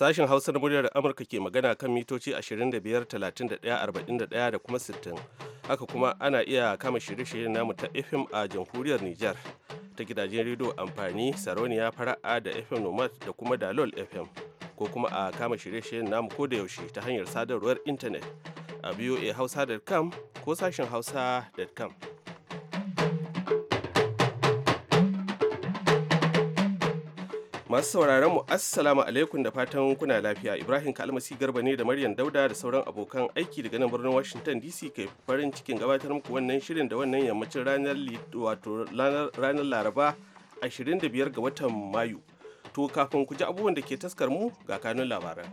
Sashen Hausa na muryar Amurka ke magana kan mitoci 25, 31, 41 da kuma 60. Haka kuma ana iya kama shirye-shiryen namu ta FM a jamhuriyar Nijar ta gidajen rido amfani Saroniya Fara'a da FM Nomad da kuma Dalol FM ko kuma a kama shirye-shiryen namu ko da yaushe ta hanyar sadarwar intanet a hausa.com ko sashen hausa.com. masu sauraron mu assalamu alaikum da fatan kuna lafiya ibrahim kalmasi garba ne da maryam dauda da sauran abokan aiki daga nan birnin washington dc ke farin cikin gabatar muku wannan shirin da wannan yammacin ranar wato ranar laraba 25 ga watan mayu to kafin ku ji abubuwan da ke taskar mu ga kanun labaran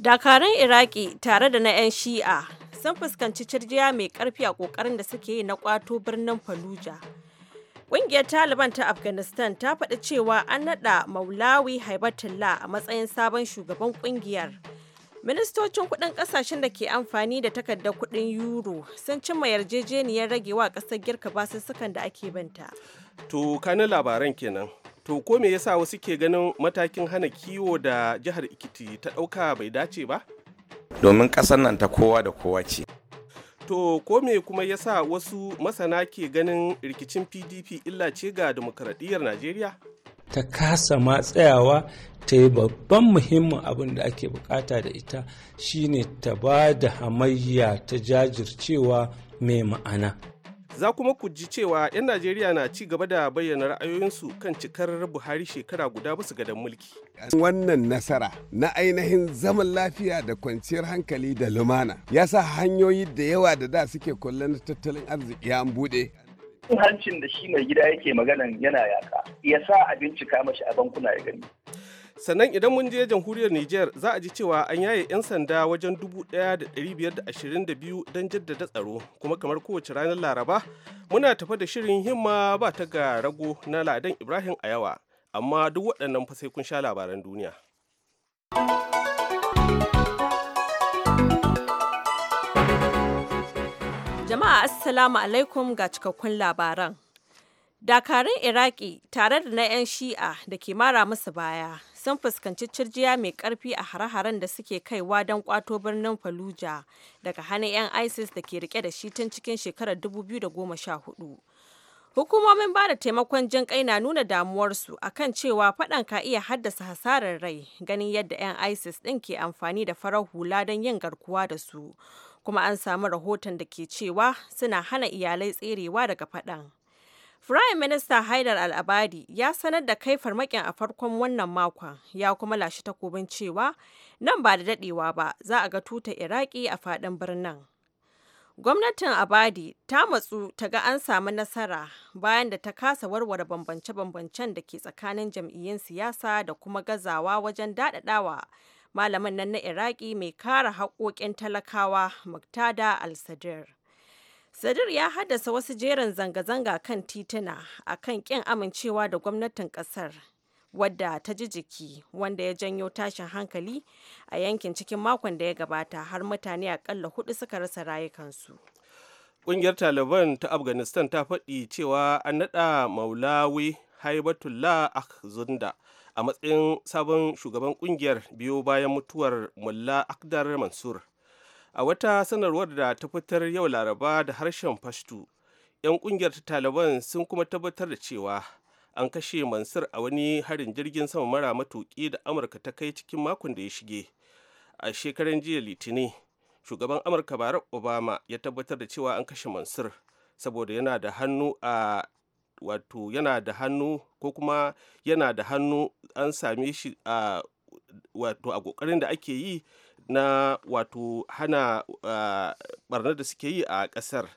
dakarun iraki tare da na 'yan shi'a sun fuskanci cirjiya mai karfi a kokarin da suke yi na kwato birnin fallujah Ƙungiyar Taliban ta Afghanistan ta faɗi cewa an naɗa Maulawi Haibatullah a matsayin sabon shugaban ƙungiyar. Ministocin kuɗin ƙasashen da ke amfani da takardar kuɗin euro sun cimma yarjejeniyar ragewa ƙasar girka basussukan da ake binta. To kanin labaran kenan. To ko me yasa wasu ke ganin matakin hana kiwo da jihar Ikiti ta ɗauka bai dace ba? Domin ƙasar nan ta kowa da kowa ce. To ko me kuma ya sa wasu masana ke ganin rikicin PDP illa ce ga demokradiyyar Najeriya? Ta kasa ma tsayawa ta yi babban muhimmin abin da ake bukata da ita shine ta ba da hamayya ta jajircewa mai ma'ana. za kuma ku ji cewa 'yan najeriya na ci gaba da bayyana ra'ayoyinsu kan cikar buhari shekara guda basu gadon mulki wannan nasara na ainihin zaman lafiya da kwanciyar hankali da lumana ya sa hanyoyi da yawa da da suke kullum tattalin arziki ya bude hancin da shi mai gida yake maganan yana yaka ya sa a bincika mashi a bankuna ya gani sannan idan mun je jamhuriyar niger za a ji cewa an yaye 'yan sanda wajen 1,522 don jaddada tsaro kuma kamar kowace ranar laraba muna tafa da shirin himma ba ta ga rago na ladan ibrahim a yawa amma duk waɗannan fa sai kun sha labaran duniya jama'a assalamu alaikum ga cikakkun labaran dakarun iraki tare da na 'yan shi'a da ke mara musu baya sun fuskanci cirjiya mai karfi a hare-haren da suke kaiwa don kwato birnin Fallujah daga hannun 'yan ISIS da ke rike da shi tun cikin shekarar 2014. Hukumomin ba da taimakon jin kai na nuna damuwarsu akan cewa faɗan ka iya haddasa hasarar rai ganin yadda 'yan ISIS ɗin ke amfani da farar hula don yin garkuwa da su. Kuma an samu rahoton da ke cewa suna hana iyalai tserewa daga faɗan. Firayim Minista Haidar al-Abadi ya sanar da kai farmakin a farkon wannan makon ya kuma lashe takobin cewa nan ba da dadewa ba za a ga tuta Iraki a faɗin birnin. Gwamnatin Abadi ta matsu ta ga an samu nasara bayan da ta kasa warware bambance-bambancen da ke tsakanin jam'iyyun siyasa da kuma gazawa wajen daɗaɗawa malamin nan na Iraki mai kare haƙoƙin talakawa Muktada al sadr Sadir ya haddasa wasu jerin zanga-zanga kan tituna a kan ƙin amincewa da gwamnatin ƙasar wadda ta ji jiki wanda ya janyo tashin hankali a yankin cikin makon da ya gabata har mutane akalla hudu suka rasa rayukansu. Ƙungiyar Taliban ta Afghanistan ta faɗi cewa an naɗa Maulawi Haibatullah akzunda a matsayin sabon shugaban ƙungiyar biyo bayan mutuwar Mullah Akdar Mansur. a wata sanarwar da ta fitar yau laraba da harshen fashtu 'yan kungiyar taliban sun kuma tabbatar da cewa an kashe mansur a wani harin jirgin sama mara matuƙi da amurka ta kai cikin makon da ya shige a shekaran jiya litinin shugaban amurka barack obama ya tabbatar da cewa an kashe mansur saboda yana da hannu a wato yana da hannu ko kuma yana da hannu an same shi a wato a kokarin da ake yi na wato hana barnar ah, da suke yi a kasar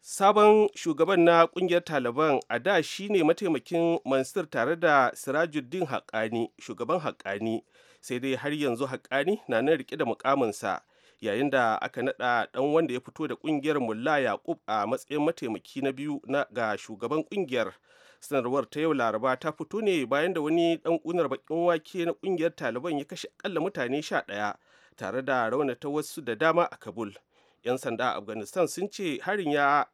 sabon shugaban na kungiyar taliban a da shine mataimakin mansur tare da sirajuddin haƙani shugaban haƙani sai dai har yanzu haƙani na nan rike da mukaminsa yayin da aka naɗa ɗan wanda ya fito da kungiyar mulla yaƙub a matsayin mataimaki na biyu na ga shugaban kungiyar sanarwar ta yau laraba ta fito ne bayan da wani ɗan ƙunar bakin wake na kungiyar taliban ya kashe akalla mutane sha ɗaya tare da raunata wasu da dama a kabul 'yan sanda a afghanistan sun ce harin ya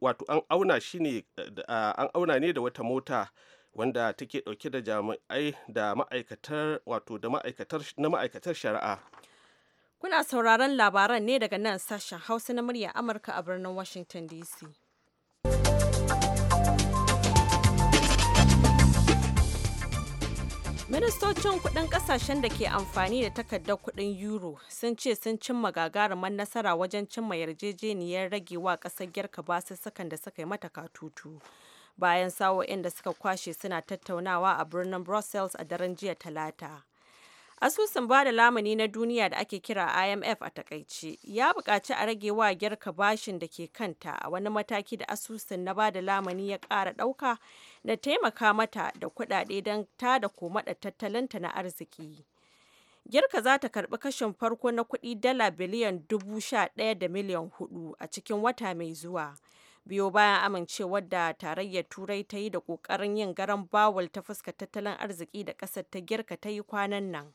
wato an auna shi ne an auna ne da wata mota wanda take dauke da jami'ai da ma'aikatar wato da ma'aikatar na ma'aikatar shari'a kuna sauraron labaran ne daga nan sashen hausa na murya amurka a birnin washington dc ministocin kudin kasashen da ke amfani da takardar kudin euro sun ce sun cimma gagarumar nasara wajen cimma yarjejeniyar ragewa kasar girka sakan da suka yi mata katutu bayan sawo'in da suka kwashe suna tattaunawa a birnin brussels a daren jiya talata Asusun ba da lamuni na duniya da ake kira IMF a takaice ya buƙaci a rage wa Girka bashin da ke kanta a wani mataki da asusun na ba da lamuni ya ƙara ɗauka da taimaka mata da kuɗaɗe don ta da komaɗa tattalinta na arziki. Girka za ta karɓi kashin farko na kuɗi dala biliyan dubu sha ɗaya da miliyan hudu a cikin wata mai zuwa. biyo bayan amincewar da tarayyar turai ta yi da kokarin yin garan bawul ta fuska tattalin arziki da ƙasar ta girka ta yi kwanan nan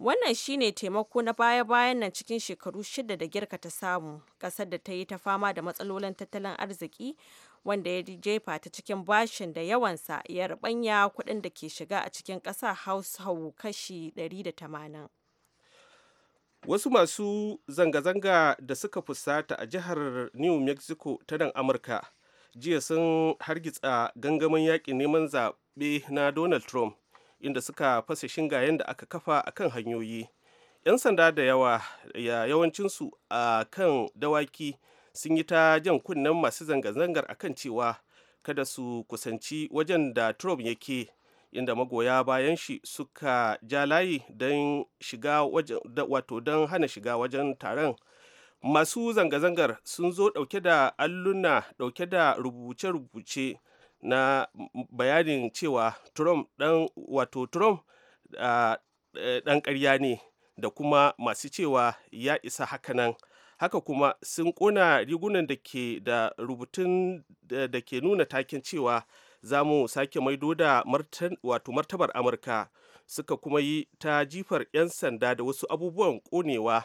Wannan shi ne taimako na baya-bayan nan cikin shekaru shida da Girka ta samu, ƙasar da ta yi ta fama da matsalolin tattalin arziki wanda ya jefa ta cikin bashin da yawansa ya rubanya kuɗin da ke shiga a cikin ƙasa hau kashi 180. Wasu masu zanga-zanga da suka fusata a jihar New Mexico ta nan Amurka jiya sun hargitsa gangamin yaƙin neman zaɓe na Donald Trump. inda suka fasa shingayen da aka kafa a kan hanyoyi 'yan sanda da yawa ya yawancinsu a kan dawaki sun yi ta jan kunnen masu zanga-zangar a kan cewa kada su kusanci wajen da trump yake inda magoya bayan shi suka ja layi don shiga wajen wato don hana shiga wajen taron masu zanga-zangar sun zo dauke da alluna dauke da rubuce-rubuce na bayanin cewa trump dan wato trump dan e, karya ne da kuma masu cewa ya isa haka nan haka kuma sun ƙona rigunan da ke da rubutun da ke nuna taken cewa za mu sake maido da wato martabar amurka suka kuma yi ta jifar 'yan sanda da wasu abubuwan konewa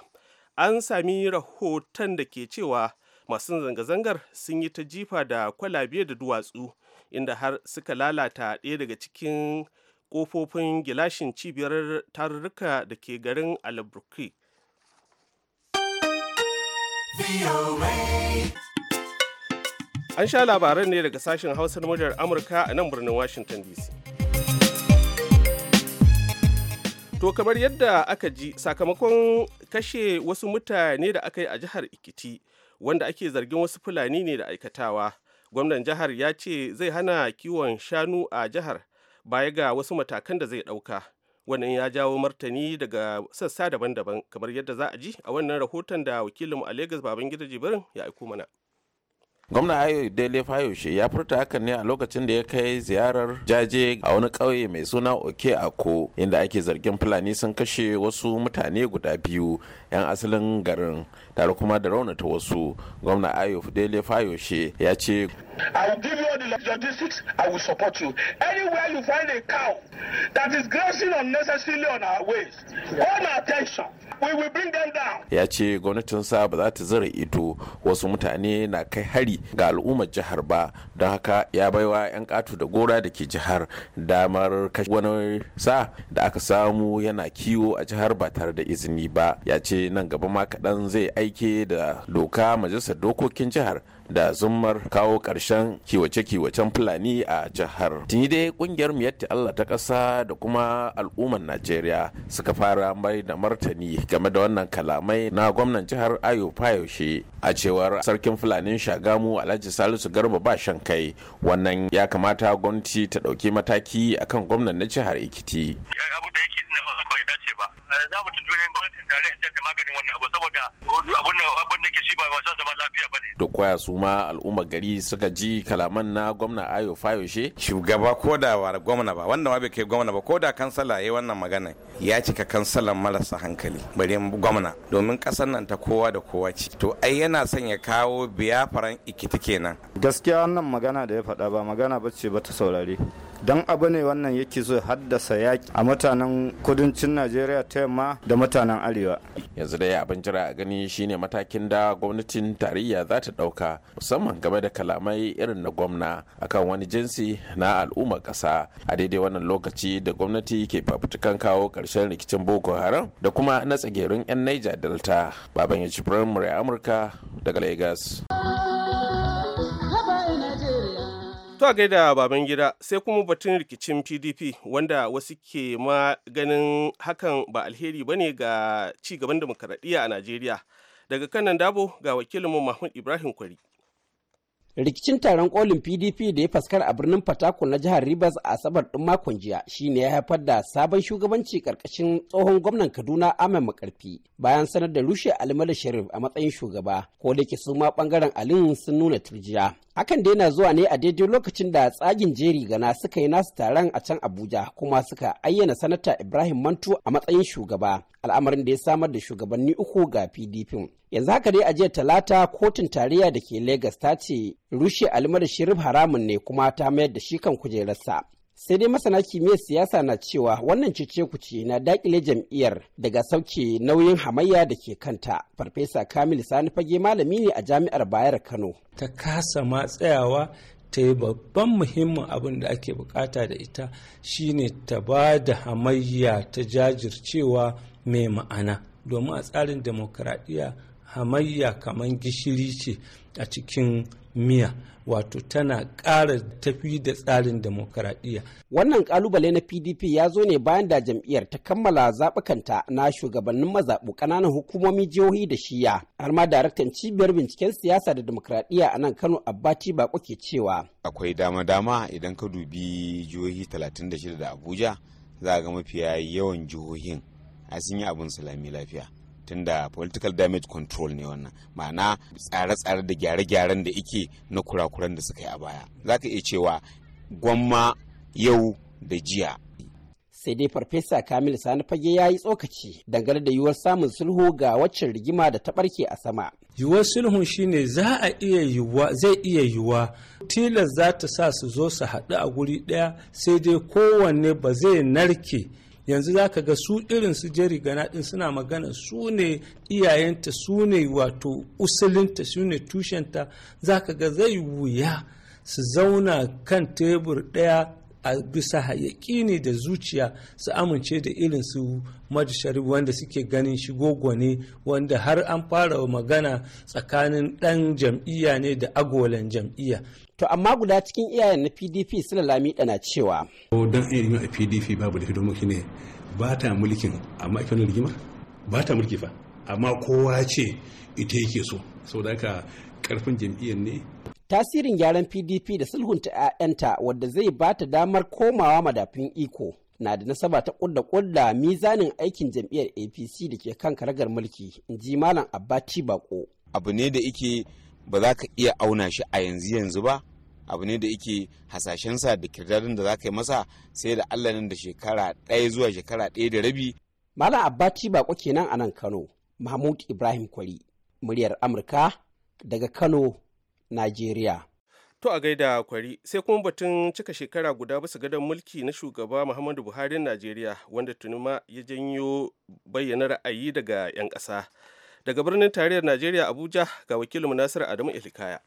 an sami rahoton da ke cewa masu zanga-zangar sun yi ta jifa da kwalabe da duwatsu inda har suka lalata ɗaya daga cikin kofofin gilashin cibiyar tarurruka da ke garin albuquerque an sha labaran ne daga sashen hausar muryar amurka a nan birnin washington dc To kamar yadda aka ji sakamakon kashe wasu mutane da aka yi a jihar Ikiti wanda ake zargin wasu fulani ne da aikatawa gwamnan jihar ya ce zai hana kiwon shanu a jihar baya ga wasu matakan da zai ɗauka wannan ya jawo martani daga sassa daban-daban kamar yadda za a ji a wannan rahoton da wakilinmu a lagos babangida jibirin ya aiko mana gwamna ayo dele fayoshe ya furta hakan ne a lokacin da ya kai ziyarar jaje a wani ƙauye mai suna oke ako inda ake zargin fulani sun kashe wasu mutane guda biyu 'yan asalin garin tare kuma da raunata wasu gwamna ayo fidele fayoshe ya ce I will give you all the logistics. I will support you. Anywhere you find a cow that is grazing unnecessarily on our ways, on our attention, we will bring them down. Ya ce gwamnatinsa ba za ta zira ido wasu mutane na kai hari ga al'ummar jihar ba don haka ya baiwa 'yan katu da gora da ke jihar damar kashe wani sa da aka samu yana kiwo a jihar ba tare da izini ba ya ce nan gaba ma kaɗan zai aike da doka majalisar dokokin jihar da zummar kawo ƙarshen kiwace-kiwacen fulani a jihar tuni dai ƙungiyar miyatti allah ta ƙasa da kuma al'ummar najeriya suka fara mai da martani game da wannan kalamai na gwamnan jihar ayo fayoshe a cewar sarkin fulanin shagamu alhaji salisu garba ba shan kai wannan ya kamata gwamnati ta ɗauki mataki akan gwamnan na jihar ikiti abu da yake ba za mu gwamnatin maganin wannan abu saboda abun da abun da ke shi ba wasa zaman lafiya bane da koya su ma al'ummar gari suka ji kalaman na gwamna Ayo Fayoshe shugaba ko da gwamna ba wanda ma bai kai gwamna ba ko da kansala yayi wannan magana ya cika kansalan marasa hankali bare gwamna domin kasar nan ta kowa da kowa ce to ai yana son ya kawo biyafaran ikiti kenan gaskiya wannan magana da ya faɗa ba magana ce ba ta saurare don abu ne wannan yake zo haddasa yaki a mutanen kudancin najeriya ta yamma da mutanen arewa yanzu dai abin jira a gani shine matakin da gwamnatin tarayya za ta dauka musamman game da kalamai irin na gwamna akan wani jinsi na al'ummar kasa a daidai wannan lokaci da gwamnati ke fafutukan kawo karshen rikicin boko haram da kuma na tsagerun yan niger delta baban ya ci amurka daga lagos zuwa a gaida baban gida sai kuma batun rikicin PDP wanda wasu ke ma ganin hakan ba alheri ba ne ga ci gaban demokaradiyya a Najeriya. Daga kanan dabo ga wakilinmu Mahmud Ibrahim Kwari. rikicin taron kolin pdp da ya faskar a birnin fatakul na jihar rivers a asabar ɗin makon jiya shine ya haifar da sabon shugabanci karkashin tsohon gwamnan kaduna amen makarfi bayan sanar da rushe alimala sharif a matsayin shugaba ko da ke suma bangaren alin sun nuna turjiya hakan da yana zuwa ne a daidai lokacin da tsagin jeri gana suka yi nasu taron a can abuja kuma suka ayyana sanata ibrahim mantu a matsayin shugaba al'amarin da ya samar da shugabanni uku ga pdp yanzu haka dai a jiya talata kotun tarayya da ke lagos ta ce rushe almar shirif haramun ne kuma ta mayar da shi kan kujerarsa sai dai masana kimiyyar siyasa na cewa wannan cece kuce na dakile jam'iyyar daga sauke nauyin hamayya da ke kanta farfesa kamil sani fage malami ne a jami'ar bayar kano ta kasa ma tsayawa ta yi babban muhimmin abin da ake bukata da ita shine ta ba da hamayya ta jajircewa mai ma'ana domin a tsarin demokradiyya hamayya kamar gishiri ce a cikin miya wato tana ƙara tafi da tsarin demokuraɗiyya. Wannan ƙalubale na PDP ya zo ne bayan da jam'iyyar ta kammala zaɓukanta na shugabannin mazaɓu ƙananan hukumomi jihohi da shiya. Har ma daraktan cibiyar binciken siyasa da demokuraɗiyya a nan Kano Abbati Bako ke cewa. Akwai dama-dama idan ka dubi jihohi talatin da shida da Abuja za a ga mafiya yawan jihohin a sun yi abin salami lafiya. tunda political damage control ne wannan ma'ana tsare-tsare da gyare-gyaren da ike na kurakuran da suka yi a baya za ka iya cewa gwamma yau da jiya sai dai farfesa kamil sani fage ya yi tsokaci dangane da yiwuwar samun sulhu ga waccan rigima da ta barke a sama yiwuwar sulhun shine za a iya yiwuwa zai iya yiwuwa tilas za ta sa su zo su haɗu a guri ɗaya sai dai kowanne ba zai narke yanzu za ka ga su irin su jeri gana din suna magana su ne iyayenta su ne wato usulinta su ne tushenta za ka ga zai wuya su zauna kan tebur ɗaya a bisa ne da zuciya su amince da irin su majishari wanda suke ganin shi ne wanda har an fara magana tsakanin ɗan jam'iyya ne da agolan jam'iyya. to amma guda cikin iyayen na pdp suna lami dana cewa. don ilimin a pdp babu da hidomoki ne ba ta mulkin amma ake wani rigima ba ta mulki fa amma kowa ce ita yake so saboda haka karfin jam'iyyar ne tasirin gyaran pdp da sulhunta 'ya'yanta wadda zai ba ta damar komawa madafin iko na da nasaba ta kudda kudda mizanin aikin jam'iyyar apc da ke kan karagar mulki in ji malam abati bako abu ne da ike ba za ka iya auna shi a yanzu yanzu ba abu ne da ike hasashensa da kirdarin da za ka yi masa sai da allah nan da shekara ɗaya zuwa shekara ɗaya da rabi malam abbaci bako kenan a nan kano mahmud ibrahim kwari muryar amurka daga kano Najeriya. To a gaida kwari sai kuma batun cika shekara guda basu gadon mulki na shugaba Muhammadu Buhari Najeriya wanda tuni ma ya janyo bayyana ra'ayi daga 'yan ƙasa. Daga birnin tarayyar Najeriya Abuja ga wakilin Nasiru Adamu Ilikaya.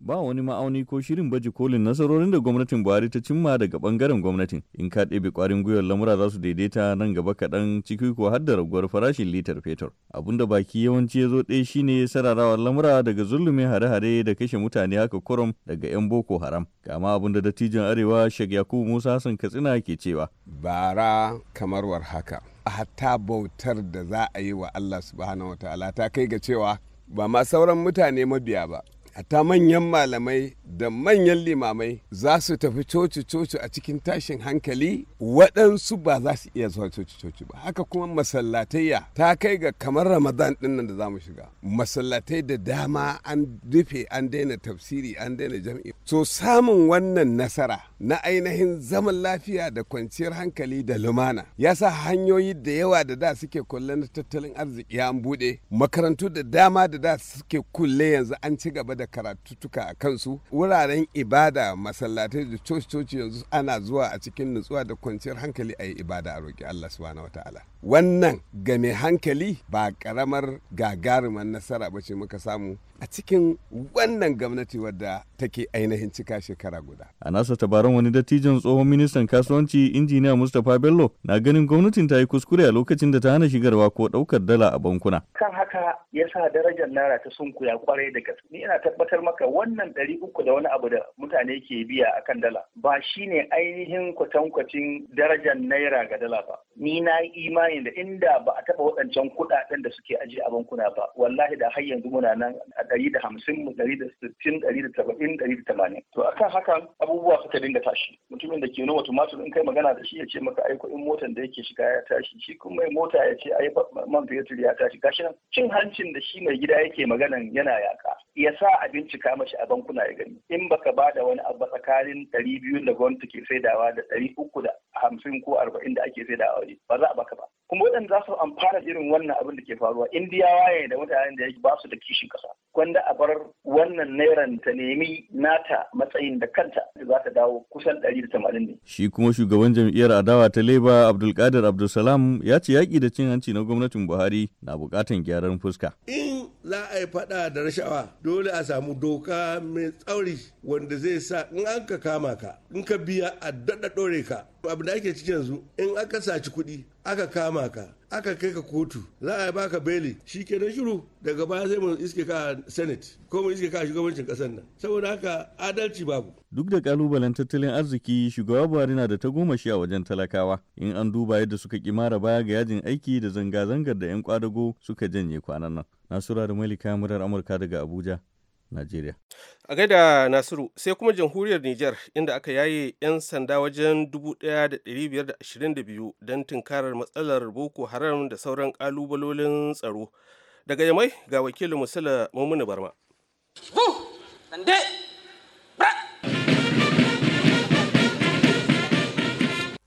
ba wani ma'auni ko shirin baje kolin nasarorin da gwamnatin buhari ta cimma daga bangaren gwamnatin in ka ɗebe kwarin gwiwar lamura za su daidaita nan gaba kaɗan ciki ko har da raguwar farashin litar fetur da baki yawanci ya zo ɗaya shine sararawar lamura daga zulumin hare-hare da kashe mutane haka kurum daga 'yan boko haram kama abin da dattijan arewa shag yakubu musa hassan katsina ke cewa bara kamar war haka hatta bautar da za a yi wa allah subhanahu ta'ala ta kai ga cewa ba ma sauran mutane mabiya ba ta manyan malamai da manyan limamai za su tafi coci-coci a cikin tashin hankali waɗansu ba za su iya zuwa coci-coci ba haka kuma masallatayya ta kai ga kamar ramadan ɗin nan da za mu shiga masallatai da dama an rufe an daina tafsiri an daina jam'i To samun wannan nasara na ainihin zaman lafiya da kwanciyar hankali da lumana ya sa hanyoyi da yawa da da suke kulle na tattalin arziki an buɗe makarantu da dama da da suke kulle yanzu an ci gaba da karatutuka a kansu wuraren ibada masallatai da coci-coci yanzu ana zuwa a cikin nutsuwa da kwanciyar hankali a yi ibada a roƙi Allah subhanahu ta'ala wannan ga mai hankali ba karamar gagarumar nasara ba ce muka samu a cikin wannan gwamnati wadda take ainihin cika shekara guda. A nasa tabaran wani dattijan tsohon ministan kasuwanci injiniya Mustapha Bello na ganin gwamnatin ta yi kuskure a lokacin da ta hana shigarwa ko ɗaukar dala a bankuna. Kan haka ya sa darajar naira ta sunkuya kwarai da gaske. Ni ina tabbatar maka wannan ɗari uku da wani abu da mutane ke biya akan dala ba shine ainihin kwatankwacin darajar naira ga dala ba. Ni na yi imani imani da inda ba a taɓa waɗancan kuɗaɗen da suke ajiye a bankuna ba wallahi da har yanzu muna nan a ɗari da hamsin ɗari da sittin ɗari da saba'in ɗari da tamanin to akan hakan abubuwa suka dinga tashi mutumin da ke noma tumatur in kai magana da shi ya ce maka ai kuɗin motan da yake shiga ya tashi shi kuma mai mota ya ce ai man fetur ya tashi gashi nan cin hancin da shi mai gida yake maganan yana yaka ya sa a bincika mashi a bankuna ya gani in baka ba da wani abu tsakanin ɗari biyu da gwamnati ke saidawa da ɗari uku da hamsin ko arba'in da ake saidawa ba za a baka ba kuma waɗanda za su amfana irin wannan abin da ke faruwa indiyawa ne da mutanen da ya ba su da kishin ƙasa kwanda a bar wannan nairan ta nemi nata matsayin da kanta da za ta dawo kusan 180 ne. Shi kuma shugaban jam'iyyar adawa ta Leba Abdulkadir Abdulsalam ya ce yaƙi da cin hanci na gwamnatin Buhari na buƙatan gyaran fuska. In za a yi faɗa da rashawa dole a samu doka mai tsauri wanda zai sa in an ka kama ka in ka biya a daɗa ɗore ka. Abu da ake cikin yanzu in aka saci kuɗi aka kama ka aka kai ka kotu za a baka beli shi ke shiru daga baya sai mu iske ka senate ko mu iske ka shugabancin kasar nan saboda haka adalci babu duk da kalubalen tattalin arziki shugaba buhari na da ta goma shi a wajen talakawa in an duba yadda suka kimara baya ga yajin aiki da zanga-zangar da 'yan kwadago suka janye kwanan nan nasura da malika murar amurka daga abuja Najeriya. A gaida Nasiru sai kuma jamhuriyar Nijar inda aka yaye 'yan sanda wajen 1,522 don tunkarar matsalar Boko Haram da sauran kalubalolin tsaro. Daga yamai ga wakilin Musula Barma.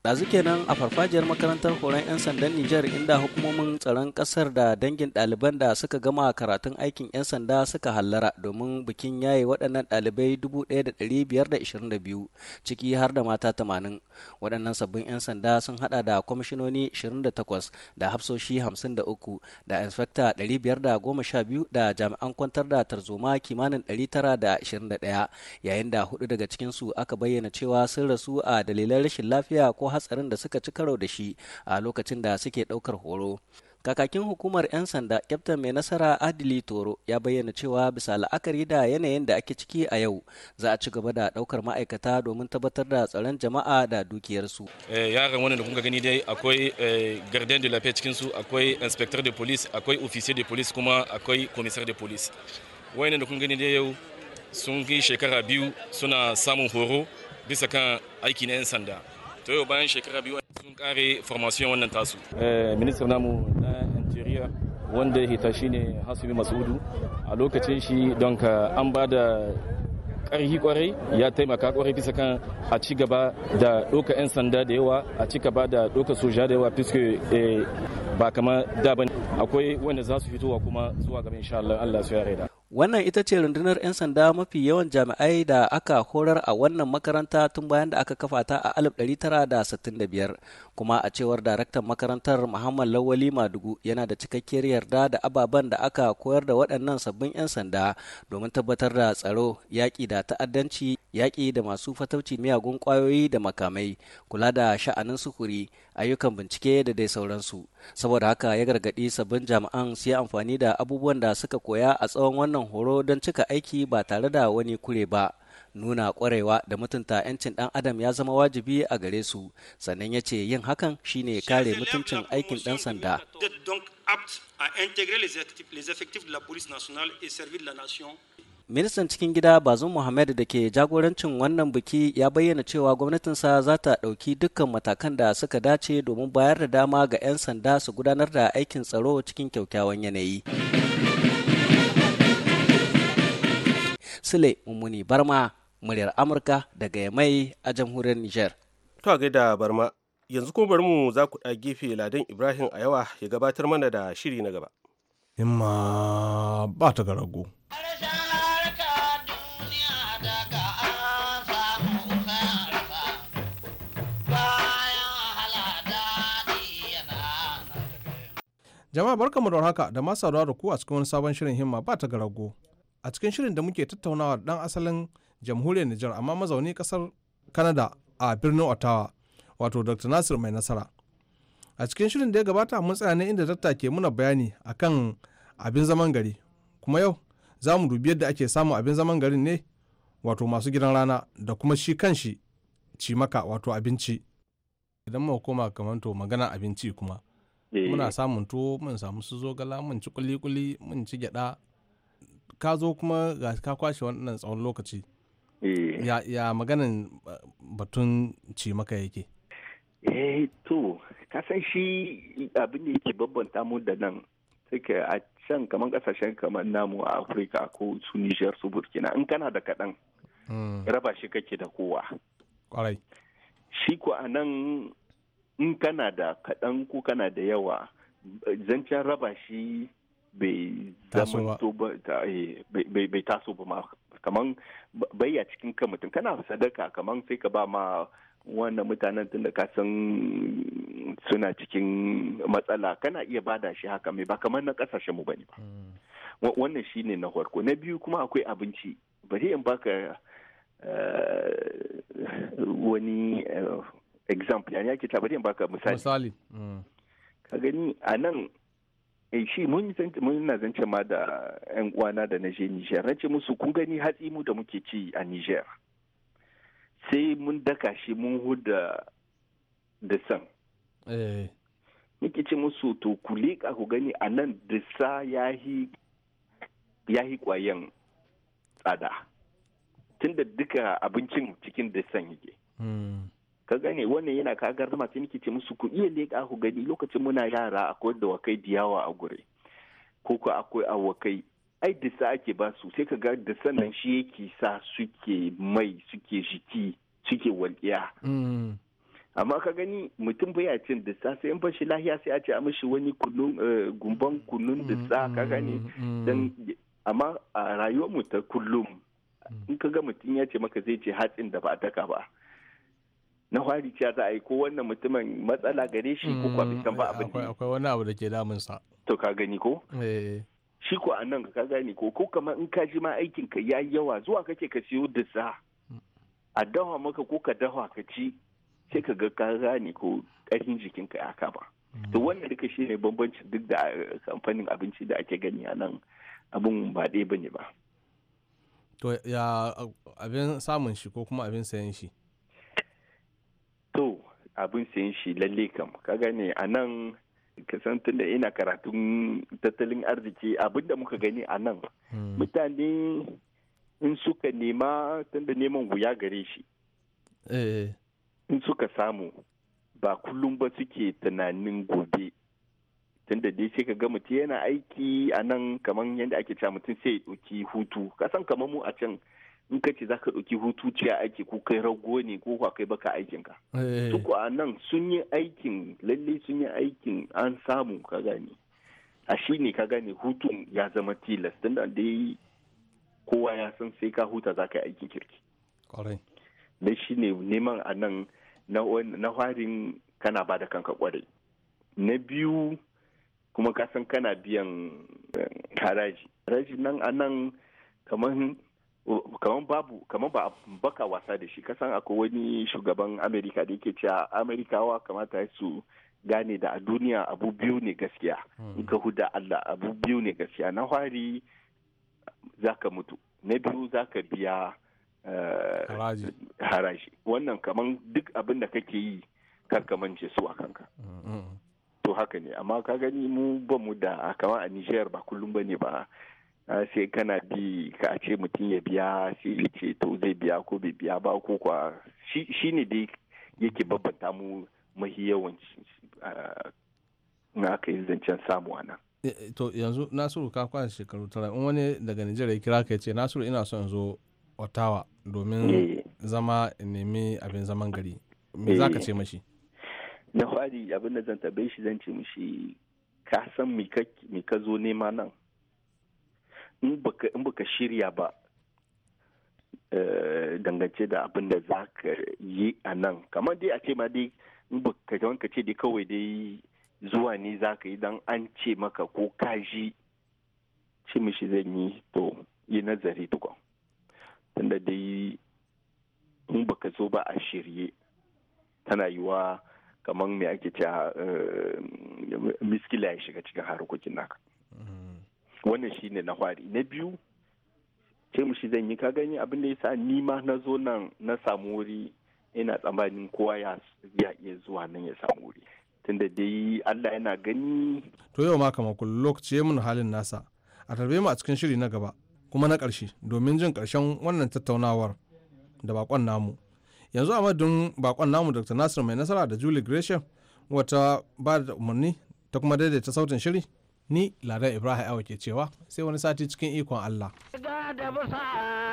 ɗazu kenan a farfajiyar makarantar horon 'yan sandan Nijar inda hukumomin tsaron ƙasar da dangin ɗaliban da suka gama karatun aikin 'yan sanda suka hallara domin bikin yaye waɗannan ɗalibai 1,522 ciki har da mata 80. Waɗannan sabbin 'yan sanda sun haɗa da kwamishinoni 28 da hafsoshi 53 da inspekta 512 da jami'an kwantar da tarzoma kimanin 921 yayin da hudu daga cikinsu aka bayyana cewa sun rasu a dalilan rashin lafiya ko hatsarin da suka ci karo da shi a lokacin da suke ɗaukar horo. Kakakin hukumar 'yan sanda kyaftin mai nasara Adili Toro ya bayyana cewa bisa la'akari da yanayin da ake ciki a yau za a ci gaba da ɗaukar ma'aikata domin tabbatar da tsaron jama'a da dukiyarsu. Eh, yaran wani da kuka gani dai akwai eh, gardien de la paix cikinsu akwai inspecteur de police akwai officier de police kuma akwai commissaire de police. Wani da kuka gani dai yau sun kai shekara biyu suna samun horo bisa kan aiki na 'yan sanda to yau bayan shekara biyu sun kare formation wannan tasu eh, ministan namu na interior wanda ya hita shine hasumi masudu a lokacin shi don ka an ba da karhi kwarai ya taimaka kwarai bisa kan a ci gaba da doka 'yan sanda da yawa a ci gaba da doka soja da yawa fiske eh, ba kama da akwai wanda za su fitowa kuma zuwa gaba insha Allah Allah su ya da. Wannan ita ce rundunar 'yan sanda mafi yawan jami'ai da aka horar a wannan makaranta tun bayan da aka kafa ta a 1965 kuma a cewar daraktan makarantar muhammad lawali madugu yana da cikakkiyar yarda da ababen da aka koyar da waɗannan sabbin 'yan sanda domin tabbatar da tsaro yaƙi da ta'addanci yaƙi da masu fatauci miyagun ƙwayoyi da makamai kula da sha'anin sukuri ayyukan bincike da dai sauransu saboda haka ya gargaɗi sabbin jami'an su yi amfani da abubuwan da suka koya a tsawon wannan horo don cika aiki ba tare da wani kure ba nuna kwarewa da mutunta 'yancin dan adam ya zama wajibi a gare su sannan ya ce yin hakan shine kare mutuncin aikin ɗan sanda ministan cikin gida bazum muhammad da ke jagorancin wannan biki ya bayyana cewa gwamnatinsa za ta ɗauki dukkan matakan da suka dace domin bayar da dama ga 'yan sanda su gudanar da aikin tsaro cikin kyaukyawan yanayi sule mummuni barma muryar Amurka daga Yamai a jamhuriyar Nijar. To a gaida barma, yanzu kuma bari mu za ku ɗa gefe Ladan Ibrahim a yawa ya gabatar mana da shiri na gaba. Himma ba ta garago. Jama'a barkamu da haka da masu saduwa da ku a cikin wani sabon shirin himma ba ta garago. A cikin shirin da muke tattaunawa dan asalin jamhuriyar Nijar amma mazauni kasar Canada a birnin Ottawa wato Dr. Nasir mai nasara. A cikin shirin da ya gabata mun tsaya ne inda Dr. ke muna bayani akan abin zaman gari kuma yau za mu dubi yadda ake samun abin zaman garin ne wato masu gidan rana da kuma shi kanshi cimaka wato abinci. Idan mu koma kamar to magana abinci kuma. Eh. Muna samun tuwo mun samu su zogala mun ci kuli-kuli mun ci gyada ka zo kuma ga ka kwashe wannan tsawon lokaci ya, ya maganin batun ci maka yake eh to kasan shi abin da yake babbanta mu da nan take a can kamar kasashen kamar namu a afirka ko su nijar su burkina in kana da kaɗan hmm. raba shi kake da kowa kwarai shi ko a in kana da kaɗan ko kana da yawa zancen raba shi bai taso ba kaman bayya cikin kan mutum kana sadaka kaman sai ka ba ma wannan mutanen tunda ka san suna cikin matsala kana iya bada shi haka mai ba kamar na kasashen mu bane ba hmm. wannan shi ne na farko na biyu kuma akwai abinci bari in baka eh, wani eh, example yana ake ta bari in baka misali hmm. ka gani a nan eh shi mun na zance ma da yan uwana da na je Niger na ce musu kun gani hatsi mu da muke ci a Niger sai mun daka shi mun huda da san eh. muke ci musu to ku leƙa ku gani a nan sa ya hi kwayan tsada tunda duka abincin cikin disan yake hmm. ka gane wannan yana kagar zama sai nake ce musu ku iya leƙa ku gani lokacin muna yara akwai da wakai diyawa a gure ko ko akwai awakai ai disa ake ba su sai ka ga disa nan shi yake sa suke mai suke jiki suke walƙiya mm. amma ka gani mutum bai ya cin dissa sai in bashi lahiya sai a ce a mishi wani kunun eh, gumban kunun mm, dissa ka mm, gani dan amma a rayuwar mu ta kullum in ka ga mutum ya ce maka zai ce hatsin da ba a daka ba na fari cewa za a yi ko wannan mutumin matsala gare shi ko kwa san ba abin da mm, akwai wani abu da ke damunsa to ka gani ko eh. shi ko nan ka gani ko ko kamar in ka ji ma aikin ka yayi yawa zuwa kake ka siyo dusa mm. a dawa maka ko ka dawa ka ci sai ka ga ka gani ko ƙarfin jikin ka ya ba mm. to wannan duka shi ne bambanci duk da eh, kamfanin abinci da ake gani a nan abin ba ɗaya bane ba to ya abin samun shi ko kuma abin sayan shi abin sayan shi lalle kam ka gane a nan kasan tunda ina karatun tattalin arziki abin da muka gani a nan hmm. mutane in suka nema da neman wuya gare shi eh. in suka samu ba kullum ba suke tunanin gobe tunda dai sai ka ga mutum yana aiki a nan kamar yadda ake cewa mutum sai ya ɗauki hutu kasan kamar mu a can in ka ce za ka ɗauki hutu ciya aiki ko kai rago ne ko kwa kai baka aikinka. Duk eh. a nan sun yi aikin lallai sun yi aikin an samu ka gane. A shi ne ka gane hutun ya zama tilas tunda da dai kowa ya san sai ka huta za ka yi aikin kirki. Kwarai. Dai shi ne neman a nan na harin kana ba da kanka kwarai. Na biyu kuma ka san kana biyan eh, haraji. Haraji nan a nan kamar kamar babu kamar ba baka wasa da shi kasan akwai wani shugaban amerika da yake cewa amerikawa kamata su gane da a duniya abu biyu ne gaskiya hmm. in ka huda allah abu biyu ne gaskiya na hari za ka mutu na biyu za ka biya eh, haraji wannan kamar duk abin da kake yi mance su a kanka hmm, hmm. to haka ne amma ka gani mu ba mu da kamar a nijiyar ba kullum ba ne ba Ah, sai kana bi ka ce mutum ya biya sai ya ce to zai biya ko bai biya ba ko kwa shi ne dai yake babbanta mu mahi yawanci ah, na aka yi zancen samu a nan. Eh, eh, to yanzu nasiru ka kwana shekaru tara in wani daga nijar ya kira ka ce nasiru ina son zo ottawa domin eh. zama nemi abin zaman gari me za ka ce mashi na fari abin da zan tabe shi zan ce mashi ka san me ka zo nema nan in baka shirya ba eh, dangance da abin da za ka yi a nan kamar dai a ce ma dai in ba ka ce dai kawai dai zuwa ne za ka yi don an ce maka ko kaji ce mishi zan yi to yi nazari tukwa tunda dai in baka zo ba a shirye tana yiwa kamar mai ake cewa eh, miskila ya shiga cikin harkokin naka mm. wannan ne na hwari na biyu ce shi zan yi ka gani abin da yasa ni ma na zo nan na samu wuri ina tsammanin kowa ya iya zuwa nan ya samu wuri tunda dai Allah yana gani to yau ma kamar kullum lokaci mun halin nasa a tarbe mu a cikin shiri na gaba kuma na ƙarshe domin jin ƙarshen wannan tattaunawar da bakon namu yanzu a madadin bakon namu dr nasir mai nasara da julie gresham wata ba da umarni ta kuma daidaita sautin shiri ni ladan ibrahim awa ke cewa sai wani sati cikin ikon allah da busa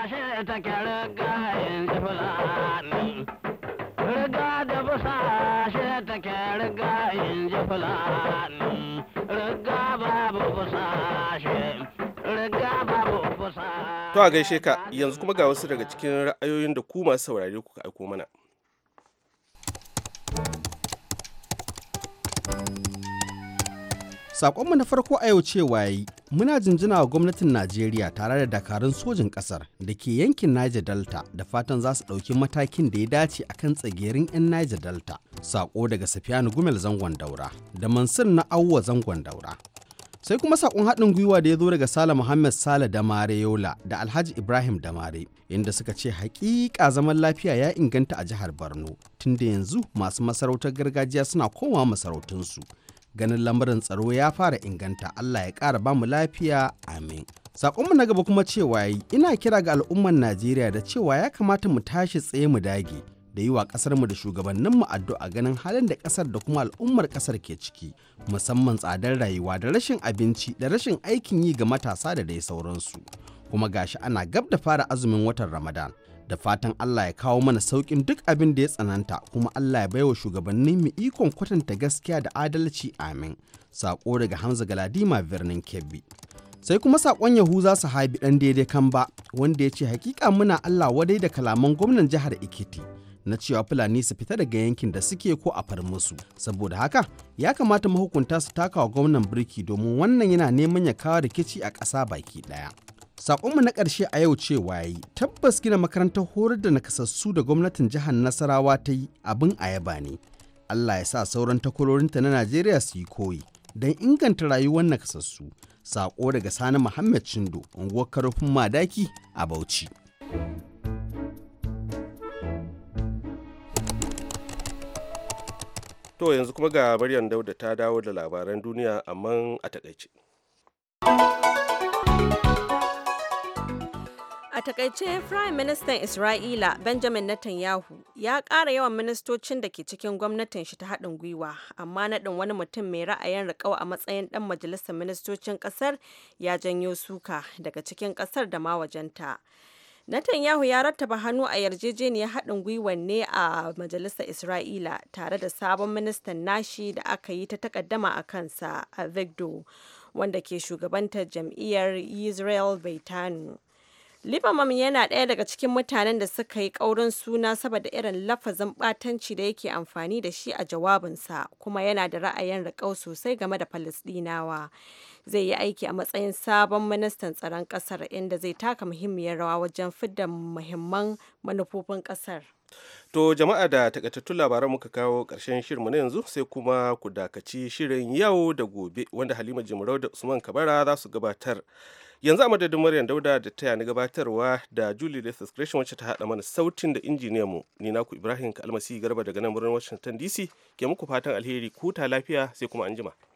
shi ta riga riga da busa shi ta riga in ji fulani riga babu busa shi riga babu busa to a gaishe ka yanzu kuma ga wasu daga cikin ra'ayoyin da ku masu saurare kuka aiko mana Sakonmu na farko a yau cewa yi muna jinjina wa gwamnatin Najeriya tare da dakarun sojin ƙasar da ke yankin Niger Delta da fatan za su ɗauki matakin da ya dace a kan tsagerin 'yan Niger Delta. Sako daga Safiyanu Gumel zangon daura da Mansur na Awwa zangon daura. Sai kuma saƙon haɗin gwiwa da ya zo daga Sala Muhammad Sala Damare Yola da Alhaji Ibrahim Damare inda suka ce haƙiƙa zaman lafiya ya inganta a jihar Borno tunda yanzu masu masarautar gargajiya suna komawa masarautunsu. ganin lamarin tsaro ya fara inganta Allah ya ƙara bamu lafiya amin. sakonmu na gaba kuma cewa yi ina kira ga al'ummar Najeriya da cewa ya kamata mu tashi tsaye mu dage da yi wa ƙasarmu da shugabannin shugabanninmu addu'a ganin halin da ƙasar da kuma al'ummar ƙasar ke ciki musamman tsadar rayuwa da rashin abinci da rashin aikin yi ga matasa da dai sauransu. Kuma gashi ana gab da fara azumin watan Ramadan. da fatan Allah ya kawo mana saukin duk abin da ya tsananta kuma Allah ya baiwa shugabannin mu ikon kwatanta gaskiya da adalci amin sako daga Hamza Galadima birnin Kebbi sai kuma sakon Yahuza Sahabi dan daidai kan ba wanda ya ce hakika muna Allah wadai da kalaman gwamnan jihar ikiti na cewa Fulani su fita daga yankin da suke ko a far musu saboda haka ya kamata mahukunta su takawa gwamnan birki domin wannan yana neman ya kawo rikici a ƙasa baki ɗaya. Sakonmu na ƙarshe a yau cewa yi tabbas gina makarantar horar da nakasassu da gwamnatin jihar Nasarawa ta yi abin ayaba ne. Allah ya sa sauran takwarorinta na Najeriya su yi koyi don inganta rayuwar nakasassu. saƙo daga Sani Muhammad Shindo, unguwar karfin madaki a Bauchi. To yanzu kuma ga Maryam Dauda ta dawo da labaran duniya amma a takaice. A takaice, Prime Minister Isra'ila Benjamin Netanyahu ya ƙara yawan ministocin da ke cikin gwamnatin shi ta haɗin gwiwa, amma naɗin wani mutum mai ra'ayin riƙau a matsayin ɗan majalisar ministocin ƙasar ya janyo suka daga cikin ƙasar da ma wajenta. Netanyahu ya rattaba hannu a yarjejeniyar haɗin gwiwa ne a majalisar Isra'ila tare da sabon ministan nashi da aka yi ta takaddama a kansa a Vigdo, wanda ke shugabantar jam'iyyar Israel Baitanu. Lieberman yana ɗaya daga cikin mutanen da suka yi ƙaurin suna saboda irin lafazin ɓatanci da yake amfani da shi a jawabinsa kuma yana da ra'ayin riƙau sosai game da Falasɗinawa. Zai yi aiki a matsayin sabon ministan tsaron ƙasar inda zai taka muhimmiyar rawa wajen fidda muhimman manufofin ƙasar. To jama'a da takaitattun labaran muka kawo ƙarshen shirinmu na yanzu sai kuma ku dakaci shirin yau da gobe wanda Halima Jimarau da Usman Kabara za su gabatar. yanzu a madadin maryam dauda da taya na gabatarwa da julie lethal gresham wacce ta haɗa mana sautin da injiniyan mu ni naku ibrahim kalmasi garba daga nan birnin washington dc ke muku fatan alheri kuta lafiya sai kuma anjima.